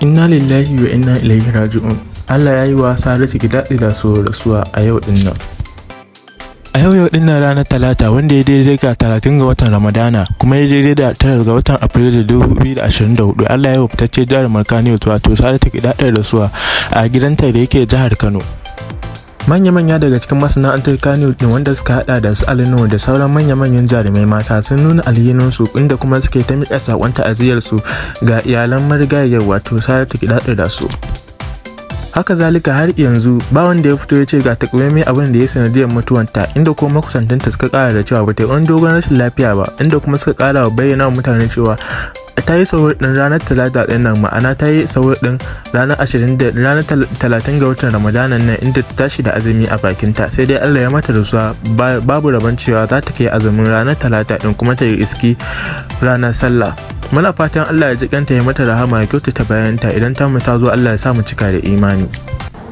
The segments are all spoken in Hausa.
inna lillahi wa inna ilaihi raji'un allah ya yi wa saratu daɗi da su rasuwa a yau din nan a yau yau din nan ranar talata wanda ya daidai ga talatin ga watan ramadana kuma ya daidai da tara ga watan afrilu da dubu biyu da ashirin da hudu allah ya yi wa fitacce jihar markaniyo wato saratu gidaɗi da rasuwa a gidanta da yake jihar kano manya-manya daga cikin masana'antar kano din wanda suka hada da su alino da sauran manya-manyan jarumai mata sun nuna alhininsu inda kuma suke ta miƙa saƙon su ga iyalan marigayyar wato sarata kiɗaɗa da su haka zalika har yanzu ba wanda ya fito ya ce ga takamaimai abin da ya sanadiyar mutuwanta inda kuma makusantanta suka kara da cewa bata yi wani dogon rashin lafiya ba inda kuma suka kara wa bayyana wa mutane cewa ta yi sauwar din ranar talata din nan ma'ana ta yi sauwar din ranar ashirin ranar talatin ga watan ramadanan nan inda ta tashi da azumi a bakinta sai dai allah ya mata da rasuwa babu rabon cewa za ta kai azumin ranar talata din kuma ta yi iski ranar sallah muna fatan Allah ya jikanta ya mata rahama ya kyautata bayanta idan ta mu ta Allah ya sa mu cika da imani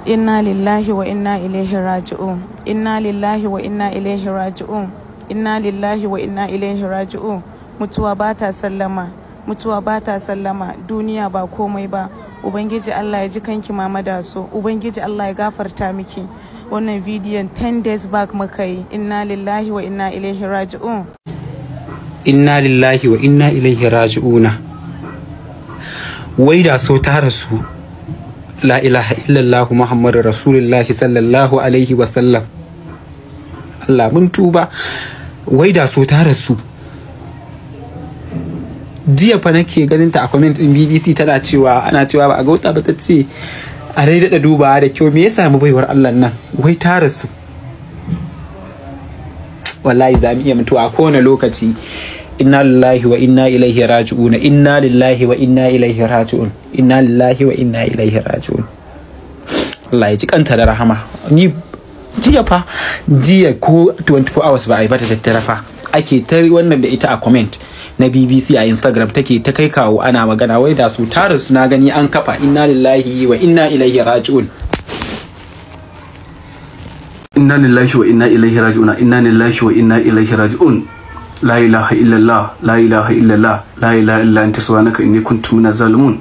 inna lillahi wa inna ilaihi raji'un inna lillahi wa inna ilaihi raji'un inna lillahi wa inna ilaihi raji'un mutuwa ba ta sallama mutuwa ba ta sallama duniya ba komai ba ubangiji allah ya ji kanki mama da so ubangiji allah ya gafarta miki wannan bidiyon 10 days back muka yi inna lillahi wa inna ilaihi raji'un inna lillahi wa inna ilaihi raji'una wai da so ta rasu la ilaha illallah muhammadur rasulullahi sallallahu alaihi wa sallam. Allah mun tuba wai da so ta rasu jiya fa nake ganin ta a comment din BBC tana cewa ana cewa ba a gausa ba ta ce a rai dada dubawa da kyau me ya mu baiwar Allah nan wai ta rasu wallahi za mu iya mutuwa a kowane lokaci inna lillahi wa inna ilaihi raji'un inna lillahi wa inna ilaihi raji'un inna lillahi wa inna ilaihi raji'un Allah ya ji kanta da rahama ni jiya fa jiya ko 24 hours ba a yi ba ta tattara fa ake ta wannan da ita a comment na BBC a Instagram take ta kai kawo ana magana wai da su su suna gani an kafa inna lillahi wa inna ilaihi raji'un inna lillahi wa inna ilaihi raji'un inna lillahi wa inna ilaihi raji'un la ilaha illallah la ilaha illallah la ilaha illa anta subhanaka inni kuntu minaz zalimun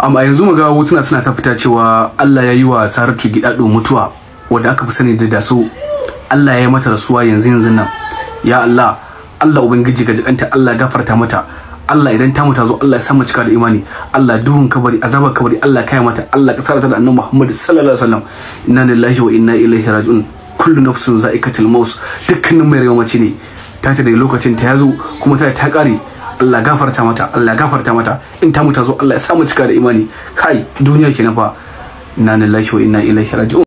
amma yanzu muga hotuna suna ta fita cewa Allah ya yi wa Saratu Gidado mutuwa wanda aka fi sani da da daso Allah ya yi mata rasuwa yanzu yanzu nan ya Allah Allah ubangiji ga jikanta Allah gafarta mata Allah idan ta mutu zo Allah ya samu cika da imani Allah duhun kabari azabar kabari Allah kai mata Allah ka sarata da annabi Muhammad sallallahu alaihi wasallam inna lillahi wa inna ilaihi raji'un kullu nafsin za'ikatul maut dukkanin mai rayuwa mace ne ta ta da lokacin ta yazo kuma ta ta kare Allah gafarta mata Allah gafarta mata in ta mutu zo Allah ya samu cika da imani kai duniya kenan fa inna lillahi wa inna ilaihi raji'un